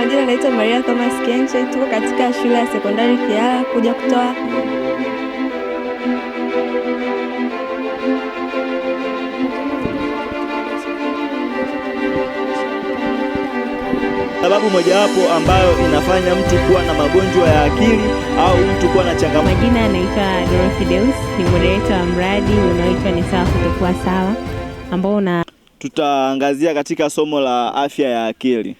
majina naitwa Maria Thomas Kenche, tuko katika shule ya sekondari Kiara kuja kutoa sababu mojawapo ambayo inafanya mtu kuwa na magonjwa ya akili au mtu kuwa na changamoto. Majina anaitwa Dorothy Deus, ni moderator wa mradi unaoitwa ni sawa kutokuwa sawa ambao una tutaangazia katika somo la afya ya akili.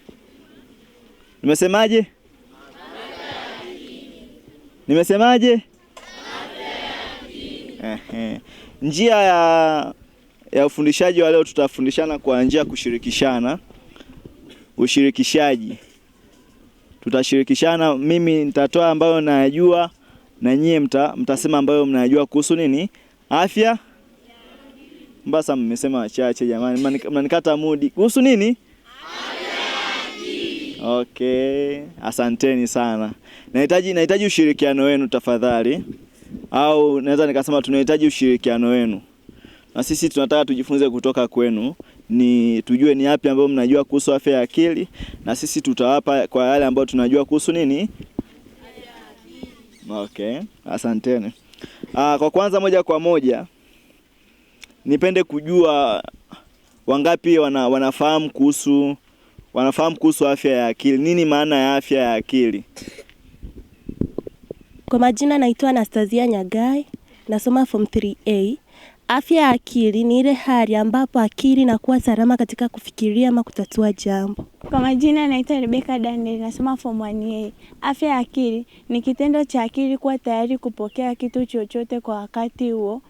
Nimesemaje? Nimesemaje? Njia ya, ya ufundishaji wa leo tutafundishana kwa njia kushirikishana. Ushirikishaji tutashirikishana, mimi nitatoa ambayo nayajua na nyie mta, mtasema ambayo mnajua kuhusu nini afya. Mbasa mmesema wachache jamani, mnanikata mudi kuhusu nini? Okay, asanteni sana. Nahitaji nahitaji ushirikiano wenu tafadhali, au naweza nikasema tunahitaji ushirikiano wenu, na sisi tunataka tujifunze kutoka kwenu, ni tujue ni yapi ambayo mnajua kuhusu afya ya akili, na sisi tutawapa kwa yale ambayo tunajua kuhusu nini. Okay, asanteni. Aa, ah, kwa kwanza, moja kwa moja nipende kujua wangapi wana, wanafahamu kuhusu wanafahamu kuhusu afya ya akili. Nini maana ya afya ya akili? Kwa majina naitwa Anastasia Nyagai, nasoma form 3A. Afya ya akili ni ile hali ambapo akili inakuwa salama katika kufikiria ama kutatua jambo. Kwa majina naitwa Rebecca Daniel, nasoma form 1A. Afya ya akili ni kitendo cha akili kuwa tayari kupokea kitu chochote kwa wakati huo,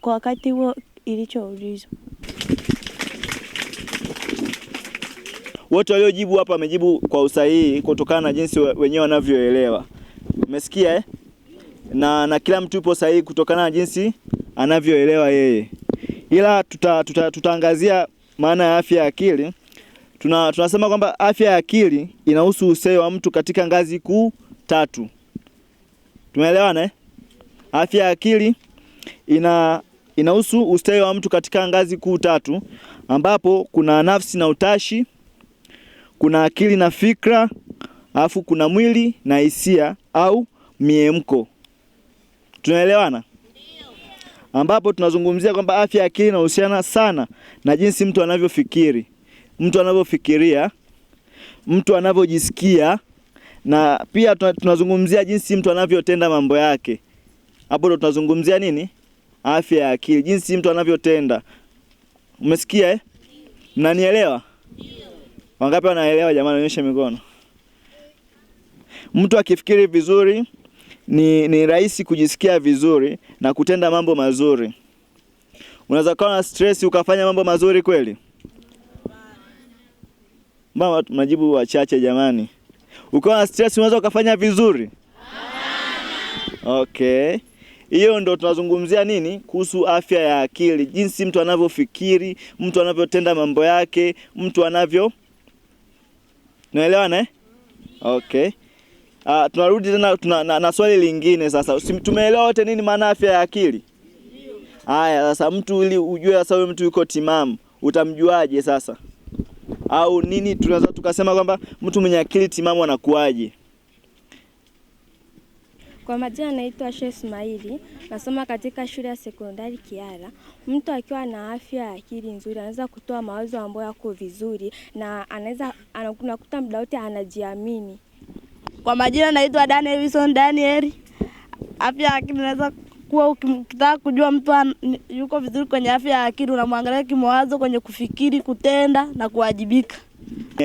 kwa wakati huo ilichoulizwa. Wote waliojibu hapa wamejibu kwa usahihi kutokana na jinsi wenyewe wanavyoelewa. Umesikia eh? Na, na kila mtu yupo sahihi kutokana na jinsi anavyoelewa yeye, ila tutaangazia tuta, tuta maana ya afya ya akili. Tuna, tunasema kwamba afya ya akili inahusu ustawi wa mtu katika ngazi kuu tatu. Tumeelewana eh? Afya ya akili ina inahusu ustawi wa mtu katika ngazi kuu tatu ambapo kuna nafsi na utashi kuna akili na fikra, alafu kuna mwili na hisia au miemko. Tunaelewana? ambapo tunazungumzia kwamba afya ya akili inahusiana sana na jinsi mtu anavyofikiri, mtu anavyofikiria, mtu anavyojisikia, na pia tunazungumzia jinsi mtu anavyotenda mambo yake. Hapo ndo tunazungumzia nini? Afya ya akili, jinsi mtu anavyotenda. Umesikia eh? Mnanielewa? Wangapi wanaelewa jamani? Onyeshe mikono. Mtu akifikiri vizuri ni, ni rahisi kujisikia vizuri na kutenda mambo mazuri. Unaweza kuwa na stress ukafanya mambo mazuri kweli? Mbona majibu wachache jamani. Ukiwa na stress unaweza ukafanya vizuri? Okay. Hiyo ndo tunazungumzia nini kuhusu afya ya akili, jinsi mtu anavyofikiri, mtu anavyotenda mambo yake, mtu anavyo Tunaelewana eh? Okay. Ah, tunarudi tena tuna, na, na swali lingine sasa. Tumeelewa wote nini maana afya ya akili? Haya, sasa mtu ili ujue sasa huyo mtu yuko timamu, utamjuaje sasa? Au nini tunaweza tukasema kwamba mtu mwenye akili timamu anakuaje? Kwa majina naitwa Asha Ismaili, nasoma katika shule ya sekondari Kiara. Mtu akiwa na afya ya akili nzuri anaweza kutoa mawazo ambayo yako vizuri na anaweza anakuta muda wote anajiamini. Kwa majina naitwa Daniel Wilson Daniel. Afya ya akili naweza kuwa ukitaka kujua mtu yuko vizuri kwenye afya ya akili unamwangalia kimawazo kwenye kufikiri, kutenda na kuwajibika.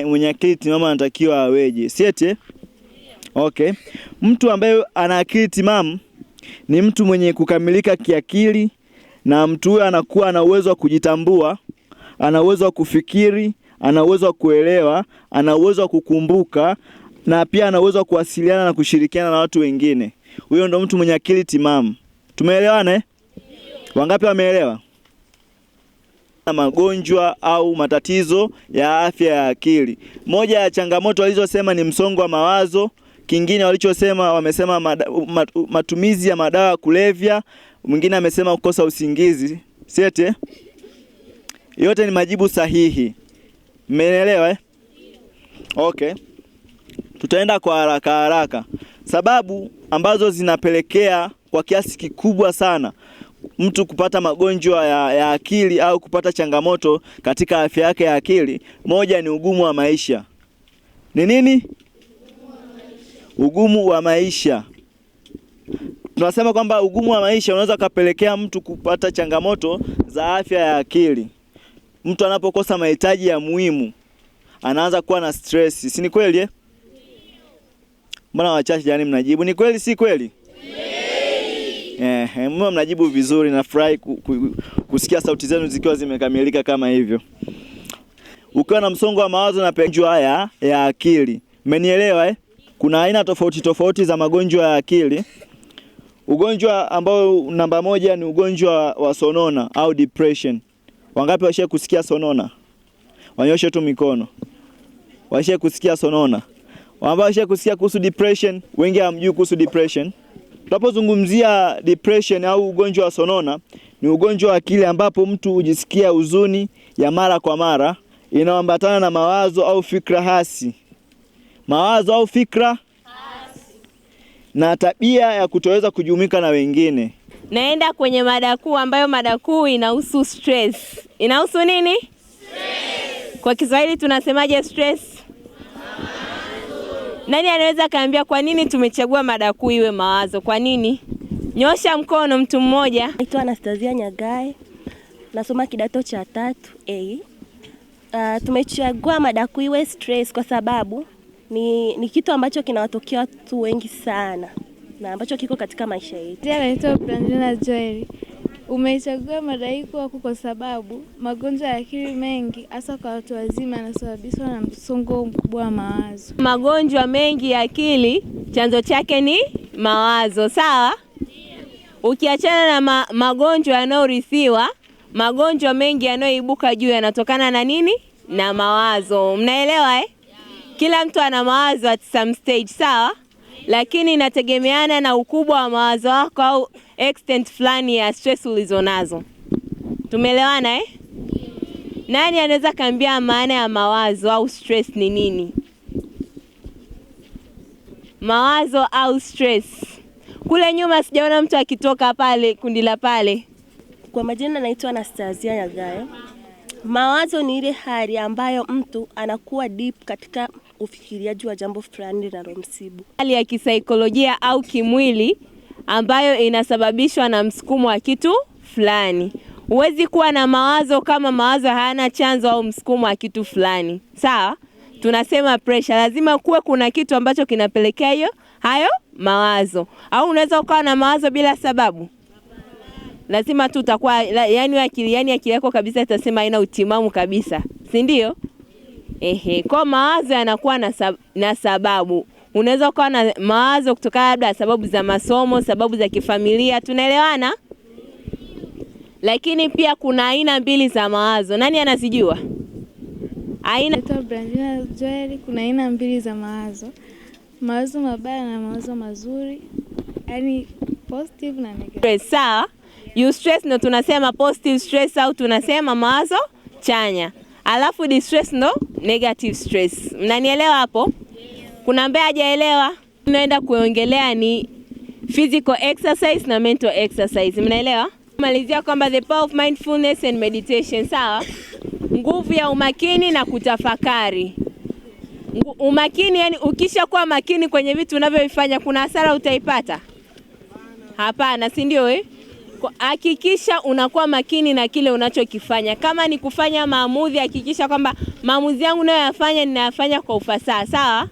Mwenye akili timamu anatakiwa aweje? Siete eh? Okay. Mtu ambaye ana akili timamu ni mtu mwenye kukamilika kiakili na mtu huyo anakuwa ana uwezo wa kujitambua, ana uwezo wa kufikiri, ana uwezo wa kuelewa, ana uwezo wa kukumbuka na pia ana uwezo wa kuwasiliana na kushirikiana na watu wengine. Huyo ndo mtu mwenye akili timamu. Tumeelewana eh? Wangapi wameelewa? Magonjwa au matatizo ya afya ya akili, moja ya changamoto alizosema ni msongo wa mawazo Kingine walichosema wamesema mat, matumizi ya madawa kulevya, mwingine amesema kukosa usingizi siete. Yote ni majibu sahihi, Mmeelewa eh? Okay, tutaenda kwa haraka haraka sababu ambazo zinapelekea kwa kiasi kikubwa sana mtu kupata magonjwa ya, ya akili au kupata changamoto katika afya yake ya akili. Moja ni ugumu wa maisha. Ni nini? ugumu wa maisha. Tunasema kwamba ugumu wa maisha unaweza ukapelekea mtu kupata changamoto za afya ya akili. Mtu anapokosa mahitaji ya muhimu anaanza kuwa na stress, si ni kweli eh? Mbona wachache jani mnajibu ni kweli, si kweli? Eh, mwa mnajibu vizuri, nafurahi kusikia sauti zenu zikiwa zimekamilika kama hivyo. Ukiwa na msongo wa mawazo na penjwa haya ya akili, mmenielewa eh? Kuna aina tofauti tofauti za magonjwa ya akili. Ugonjwa ambao namba moja ni ugonjwa wa sonona au depression. Wangapi washe kusikia sonona? Wanyoshe tu mikono. Washe kusikia sonona. Wangapi washe kusikia kuhusu depression? Wengi hamjui kuhusu depression. Tunapozungumzia depression au ugonjwa wa sonona, ni ugonjwa wa akili ambapo mtu hujisikia huzuni ya mara kwa mara inaambatana na mawazo au fikra hasi mawazo au fikra hasi, na tabia ya kutoweza kujumika na wengine. Naenda kwenye mada kuu ambayo mada kuu inahusu stress. Inahusu nini? Stress. Kwa Kiswahili tunasemaje stress? Nani anaweza kaambia kwa nini tumechagua mada kuu iwe mawazo? Kwa nini? Nyosha mkono mtu mmoja. Naitwa Anastasia Nyagae. Nasoma kidato cha tatu A. Hey. Uh, ah, tumechagua mada kuu iwe stress kwa sababu ni, ni kitu ambacho kinawatokea watu wengi sana na ambacho kiko katika maisha yetu. Anaitwa Brandina Joel. Umeichagua madaiko wako kwa sababu magonjwa ya akili mengi hasa kwa watu wazima yanasababishwa na msongo mkubwa wa mawazo. Magonjwa mengi ya akili chanzo chake ni mawazo, sawa? Ukiachana na ma magonjwa yanayorithiwa, magonjwa mengi yanayoibuka juu yanatokana na nini? Na mawazo. Mnaelewa eh? Kila mtu ana mawazo at some stage, sawa, lakini inategemeana na ukubwa wa mawazo wako au extent fulani ya stress ulizonazo. Tumeelewana eh? Nani anaweza kaambia maana ya mawazo au stress ni nini? Mawazo au stress. Kule nyuma sijaona mtu akitoka pale kundi la pale. Kwa majina naitwa Anastasia Nyagayo. Mawazo ni ile hali ambayo mtu anakuwa deep katika ufikiriaji wa jambo fulani linalomsibu, hali ya kisaikolojia au kimwili ambayo inasababishwa na msukumo wa kitu fulani. Huwezi kuwa na mawazo kama mawazo hayana chanzo au msukumo wa kitu fulani, sawa? Tunasema pressure, lazima kuwe kuna kitu ambacho kinapelekea hiyo hayo mawazo, au unaweza ukawa na mawazo bila sababu lazima tu utakuwa yani akili yani akili yako kabisa itasema haina utimamu kabisa, si ndio? Ehe, kwa mawazo yanakuwa na, sab na sababu unaweza ukawa na mawazo kutokana labda sababu za masomo, sababu za kifamilia, tunaelewana. Lakini pia kuna aina mbili za mawazo, nani anazijua? Aina Joel, kuna aina mbili za mawazo, mawazo mabaya na mawazo mazuri, yani positive na negative. Sawa you stress ndo tunasema positive stress au tunasema mawazo chanya, alafu distress ndo negative stress. Mnanielewa hapo? Kuna ambaye hajaelewa? Tunaenda kuongelea ni physical exercise na mental exercise. Mnaelewa? Malizia kwamba the power of mindfulness and meditation, sawa? Nguvu ya umakini na kutafakari. Umakini yani, ukisha kuwa makini kwenye vitu unavyovifanya kuna hasara utaipata? Hapana, si ndio eh? Hakikisha unakuwa makini na kile unachokifanya. Kama ni kufanya maamuzi, hakikisha kwamba maamuzi yangu nayoyafanya ninayafanya kwa ufasaha, sawa,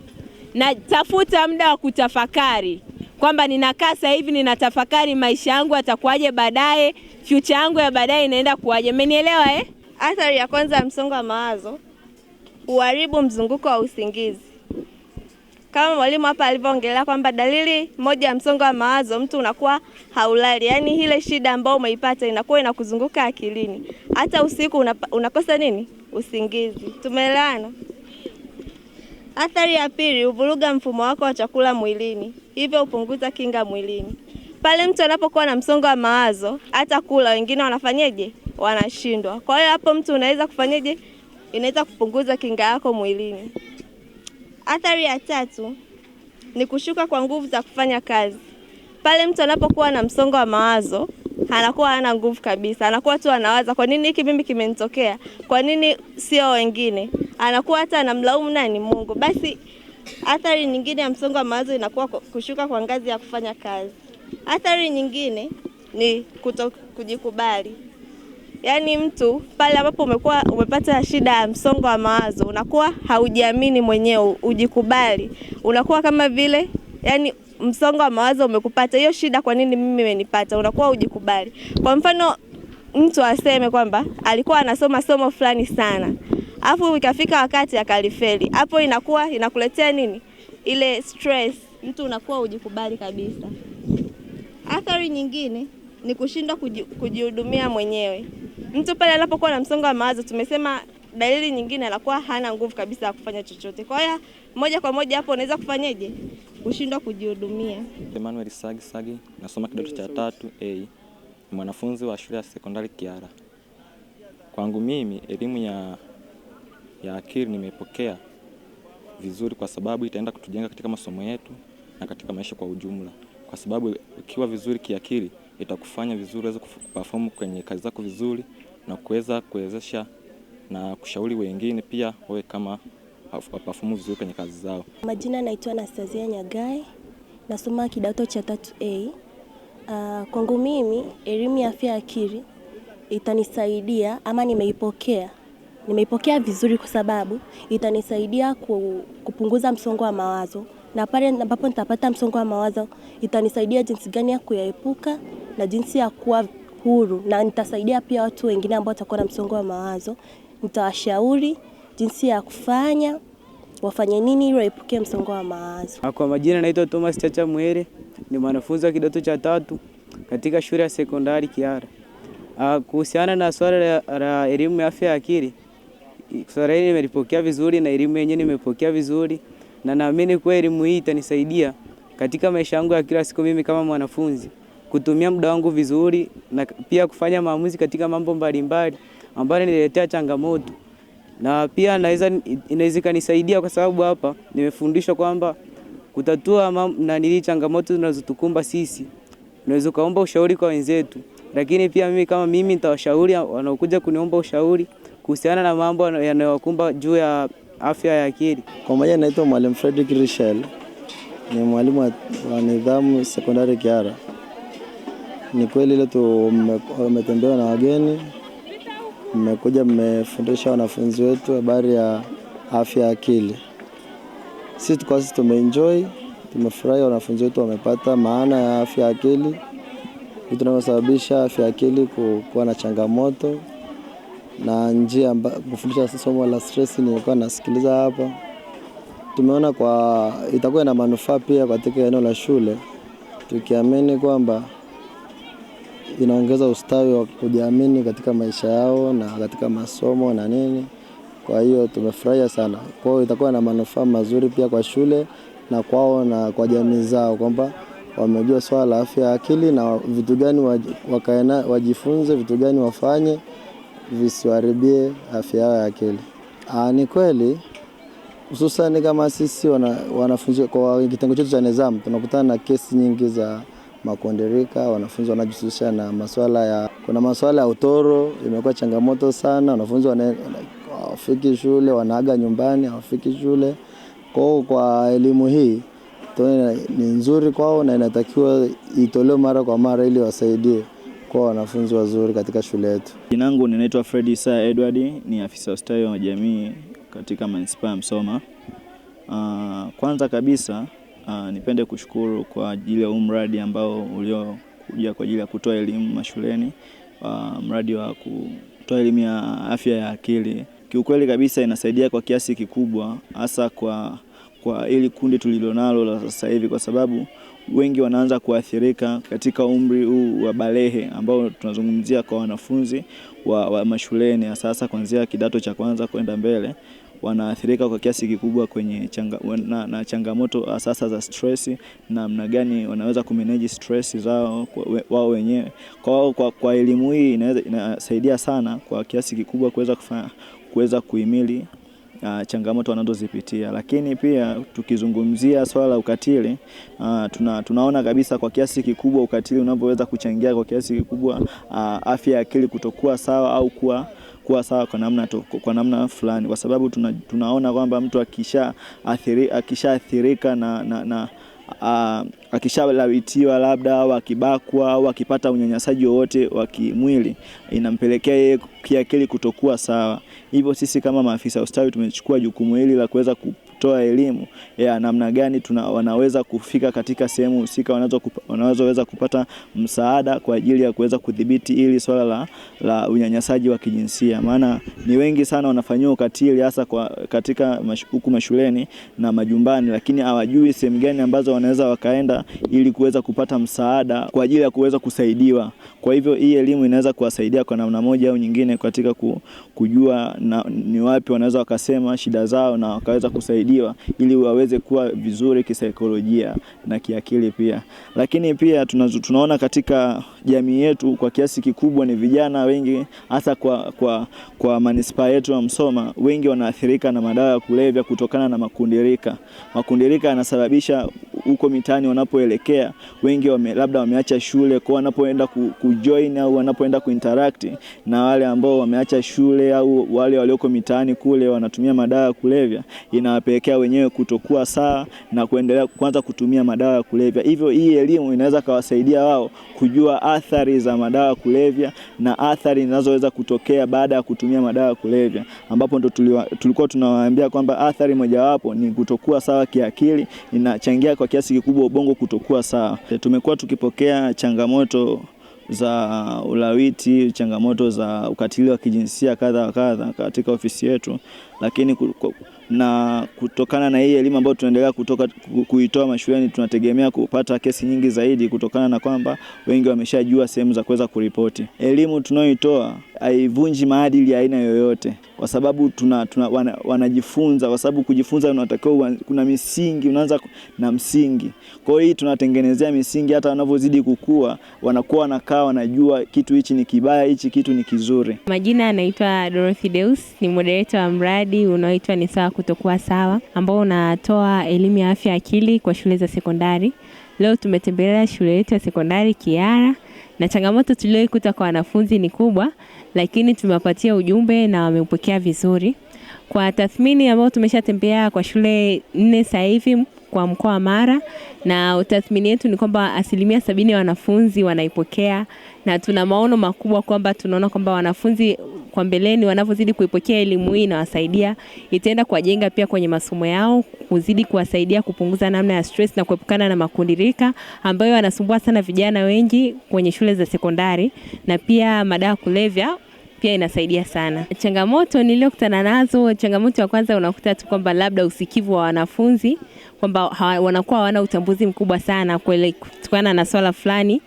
na tafuta muda wa kutafakari kwamba ninakaa sasa hivi ninatafakari maisha yangu atakuwaje baadaye, future yangu ya baadaye inaenda kuwaje? Umenielewa eh? Athari ya kwanza ya msongo wa mawazo, uharibu mzunguko wa usingizi kama mwalimu hapa alivyoongelea kwamba dalili moja ya msongo wa mawazo, mtu unakuwa haulali, yaani ile shida ambayo umeipata inakuwa inakuzunguka akilini, hata usiku unakosa nini, usingizi. Tumeelewana? Athari ya pili, huvuruga mfumo wako wa chakula mwilini, hivyo hupunguza kinga mwilini. Pale mtu anapokuwa na msongo wa mawazo, hata kula wengine wanafanyeje, wanashindwa. Kwa hiyo hapo mtu unaweza kufanyeje, inaweza kupunguza kinga yako mwilini. Athari ya tatu ni kushuka kwa nguvu za kufanya kazi. Pale mtu anapokuwa na msongo wa mawazo, anakuwa hana nguvu kabisa, anakuwa tu anawaza kwa nini hiki mimi kimenitokea, kwa nini sio wengine, anakuwa hata anamlaumu nani? Mungu. Basi athari nyingine ya msongo wa mawazo inakuwa kushuka kwa ngazi ya kufanya kazi. Athari nyingine ni kuto kujikubali yaani mtu pale ambapo umekuwa umepata shida ya msongo wa mawazo, unakuwa haujiamini mwenyewe, ujikubali, unakuwa kama vile yani msongo wa mawazo umekupata. Hiyo shida kwa nini mimi imenipata? Unakuwa ujikubali. Kwa mfano mtu aseme kwamba alikuwa anasoma somo fulani sana, afu ikafika wakati akalifeli, hapo inakuwa inakuletea nini? Ile stress, mtu unakuwa ujikubali kabisa. Athari nyingine ni kushindwa kujihudumia mwenyewe. Mtu pale anapokuwa na msongo wa mawazo, tumesema dalili nyingine anakuwa hana nguvu kabisa ya kufanya chochote. Kwa hiyo moja kwa moja hapo unaweza kufanyeje? Kushindwa kujihudumia. Emmanuel Sagi Sagi, nasoma kidato cha tatu A, mwanafunzi wa shule ya sekondari Kiara. Kwangu mimi elimu ya, ya akili nimepokea vizuri kwa sababu itaenda kutujenga katika masomo yetu na katika maisha kwa ujumla, kwa sababu ukiwa vizuri kiakili itakufanya vizuri uweze kuperform kwenye kazi zako vizuri na kuweza kuwezesha na kushauri wengine pia wawe kama waperform vizuri kwenye kazi zao. Majina naitwa Anastasia Nyagai, nasoma kidato cha 3A. Uh, ah, kwangu mimi elimu ya afya ya akili itanisaidia ama nimeipokea nimeipokea vizuri kwa sababu itanisaidia ku, kupunguza msongo wa mawazo, na pale ambapo nitapata msongo wa mawazo itanisaidia jinsi gani ya kuyaepuka na jinsi ya kuwa huru, na nitasaidia pia watu wengine ambao watakuwa na msongo wa mawazo. Nitawashauri jinsi ya kufanya, wafanye nini ili waepuke msongo wa mawazo. Kwa majina naitwa Thomas Chacha Mwere, ni mwanafunzi wa kidato cha tatu katika shule ya sekondari Kiara. Ah, kuhusiana na swala la elimu ya afya ya akili, swala hili nimelipokea vizuri na elimu yenyewe nimepokea vizuri, na naamini kuwa elimu hii itanisaidia katika maisha yangu ya kila siku mimi kama mwanafunzi kutumia muda wangu vizuri na pia kufanya maamuzi katika mambo mbalimbali ambayo niletea changamoto, na pia naweza inaweza ikanisaidia kwa sababu hapa nimefundishwa kwamba kutatua na nili changamoto zinazotukumba sisi unaweza ukaomba ushauri kwa wenzetu, lakini pia mimi kama mimi nitawashauri wanaokuja kuniomba ushauri kuhusiana na mambo yanayowakumba juu ya afya ya akili. Kwa majina naitwa Mwalimu Fredrick Richel, ni mwalimu wa nidhamu sekondari Kiara. Ni kweli leo tumetembea na wageni, mmekuja mmefundisha wanafunzi wetu habari ya afya ya akili. Sisi kwa sisi tumeenjoy, tumefurahi, wanafunzi wetu wamepata maana ya afya ya akili, vitu vinavyosababisha afya ya akili kuwa na changamoto na njia kufundisha somo la stress. Nilikuwa nasikiliza hapa, tumeona kwa itakuwa na manufaa pia katika eneo la shule, tukiamini kwamba inaongeza ustawi wa kujiamini katika maisha yao na katika masomo na nini. Kwa hiyo tumefurahia sana. Kwa hiyo itakuwa na manufaa mazuri pia kwa shule na kwao na kwa jamii zao, kwamba wamejua swala la afya ya akili na vitu gani wakaena, wajifunze vitu gani wafanye visiwaribie afya yao ya akili. Aa, ni kweli hususani kama sisi wanafunzi kwa kitengo chetu cha nizamu tunakutana na kesi nyingi za Makonderika wanafunzi wanajihusisha na masuala ya, kuna masuala ya utoro, imekuwa changamoto sana. Wanafunzi hawafiki shule, wanaaga nyumbani, hawafiki shule. Kwa kwa elimu hii ni nzuri kwao na inatakiwa itolewe mara kwa mara ili wasaidie kwa wanafunzi wazuri katika shule yetu. Jina langu ninaitwa Fred Isaya Edward, ni afisa ustawi wa jamii katika manispaa ya Msoma. Uh, kwanza kabisa Uh, nipende kushukuru kwa ajili ya huu mradi ambao uliokuja kwa ajili ya kutoa elimu mashuleni uh, mradi wa kutoa elimu ya afya ya akili. Kiukweli kabisa inasaidia kwa kiasi kikubwa hasa kwa kwa ili kundi tulilonalo la sasa hivi, kwa sababu wengi wanaanza kuathirika katika umri huu wa balehe ambao tunazungumzia kwa wanafunzi wa, wa mashuleni, hasa kuanzia kidato cha kwanza kwenda mbele wanaathirika kwa kiasi kikubwa kwenye changa, na, na changamoto ah, sasa za stress, namna gani wanaweza kumanage stress zao wao wenyewe. Kwa, kwa, kwa elimu hii inaweza inasaidia sana kwa kiasi kikubwa kuweza kufanya kuweza kuhimili Uh, changamoto wanazozipitia, lakini pia tukizungumzia swala la ukatili uh, tuna, tunaona kabisa kwa kiasi kikubwa ukatili unavyoweza kuchangia kwa kiasi kikubwa uh, afya ya akili kutokuwa sawa au kuwa kuwa sawa kwa namna, to, kwa namna fulani, kwa sababu tuna, tunaona kwamba mtu akisha athiri, akishaathirika na, na, na akishalawitiwa labda au akibakwa au akipata unyanyasaji wowote wa kimwili inampelekea yeye kiakili kutokuwa sawa. Hivyo sisi kama maafisa ustawi tumechukua jukumu hili la kuweza kutoa elimu ya namna gani tuna, wanaweza kufika katika sehemu husika wanazoweza kupata msaada kwa ajili ya kuweza kudhibiti hili swala la, la unyanyasaji wa kijinsia, maana ni wengi sana wanafanyiwa ukatili hasa kwa katika huku mashuleni na majumbani, lakini hawajui sehemu gani ambazo wanaweza wakaenda ili kuweza kupata msaada kwa ajili ya kuweza kusaidiwa. Kwa hivyo hii elimu inaweza kuwasaidia kwa namna moja au nyingine katika kujua na, ni wapi wanaweza wakasema shida zao na wakaweza kusaidia kusaidiwa ili waweze kuwa vizuri kisaikolojia na kiakili pia. Lakini pia tunazo, tunaona katika jamii yetu kwa kiasi kikubwa ni vijana wengi hasa kwa, kwa, kwa manispaa yetu ya Msoma wengi wanaathirika na madawa ya kulevya kutokana na makundirika. Makundirika yanasababisha huko mitaani wanapoelekea, wengi wame, labda wameacha shule kwa wanapoenda ku, kujoin au wanapoenda kuinteract na wale ambao wameacha shule au wale walioko mitaani kule wanatumia madawa ya kulevya, inawapelekea wenyewe kutokuwa sawa na kuendelea kwanza kutumia madawa ya kulevya. Hivyo hii elimu inaweza kawasaidia wao kujua athari za madawa ya kulevya na athari zinazoweza kutokea baada ya kutumia madawa ya kulevya, ambapo ndo tulikuwa tunawaambia kwamba athari mojawapo ni kutokuwa sawa kiakili, inachangia kwa kiasi kikubwa ubongo kutokuwa sawa. E, tumekuwa tukipokea changamoto za ulawiti, changamoto za ukatili wa kijinsia kadha wa kadha katika ofisi yetu, lakini na kutokana na hii elimu ambayo tunaendelea kutoka kuitoa mashuleni, tunategemea kupata kesi nyingi zaidi, kutokana na kwamba wengi wameshajua sehemu za kuweza kuripoti. Elimu tunayoitoa haivunji maadili ya aina yoyote, kwa sababu tuna, tuna wana, wanajifunza kwa sababu kujifunza unatakiwa, kuna misingi, unaanza na msingi. Kwa hiyo hii tunatengenezea misingi, hata wanavyozidi kukua wanakuwa wanakaa, wanajua kitu hichi ni kibaya, hichi kitu ni kizuri. Majina anaitwa Dorothy Deus, ni moderator wa mradi unaoitwa ni sawa kutokuwa sawa ambao unatoa elimu ya afya akili kwa shule za sekondari. Leo tumetembelea shule yetu ya sekondari Kiara na changamoto tulioikuta kwa wanafunzi ni kubwa, lakini tumewapatia ujumbe na wameupokea vizuri. Kwa tathmini ambayo tumeshatembea kwa shule nne sasa hivi kwa mkoa wa Mara, na utathmini yetu ni kwamba asilimia sabini ya wanafunzi wanaipokea, na tuna maono makubwa kwamba tunaona kwamba wanafunzi kwa mbeleni wanavyozidi kuipokea elimu hii inawasaidia, itaenda kuwajenga pia kwenye masomo yao, kuzidi kuwasaidia kupunguza namna ya stress na kuepukana na makundirika ambayo yanasumbua sana vijana wengi kwenye shule za sekondari, na pia madawa kulevya pia inasaidia sana. Changamoto niliyokutana nazo, changamoto ya kwanza unakuta tu kwamba labda usikivu wa wanafunzi kwamba wanakuwa hawana utambuzi mkubwa sana kutokana na swala fulani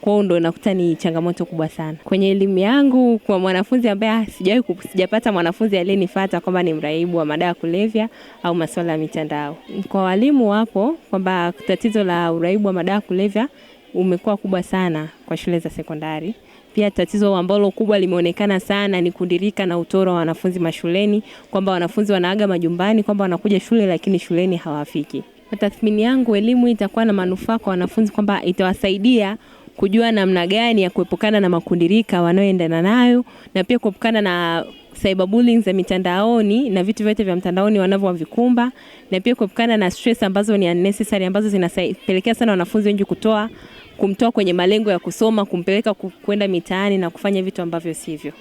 kwao ndo nakuta ni changamoto kubwa sana kwenye elimu yangu. Kwa mwanafunzi ambaye sijawahi sijapata mwanafunzi aliyenifuata kwamba ni mraibu wa madawa kulevya au masuala ya mitandao. Kwa walimu wapo kwamba tatizo la uraibu wa madawa kulevya umekuwa kubwa sana kwa shule za sekondari. Pia tatizo ambalo kubwa limeonekana sana ni kundirika na utoro wa wanafunzi mashuleni, kwamba wanafunzi wanaaga majumbani, kwamba wanakuja shule lakini shuleni hawafiki. Kwa tathmini yangu, elimu itakuwa na manufaa kwa wanafunzi, kwamba itawasaidia kujua namna gani ya kuepukana na makundirika wanaoendana nayo na pia kuepukana na cyberbullying za mitandaoni na vitu vyote vya mtandaoni wanavyovikumba na pia kuepukana na stress ambazo ni unnecessary ambazo zinapelekea sana wanafunzi wengi kutoa kumtoa kwenye malengo ya kusoma, kumpeleka kwenda mitaani na kufanya vitu ambavyo sivyo.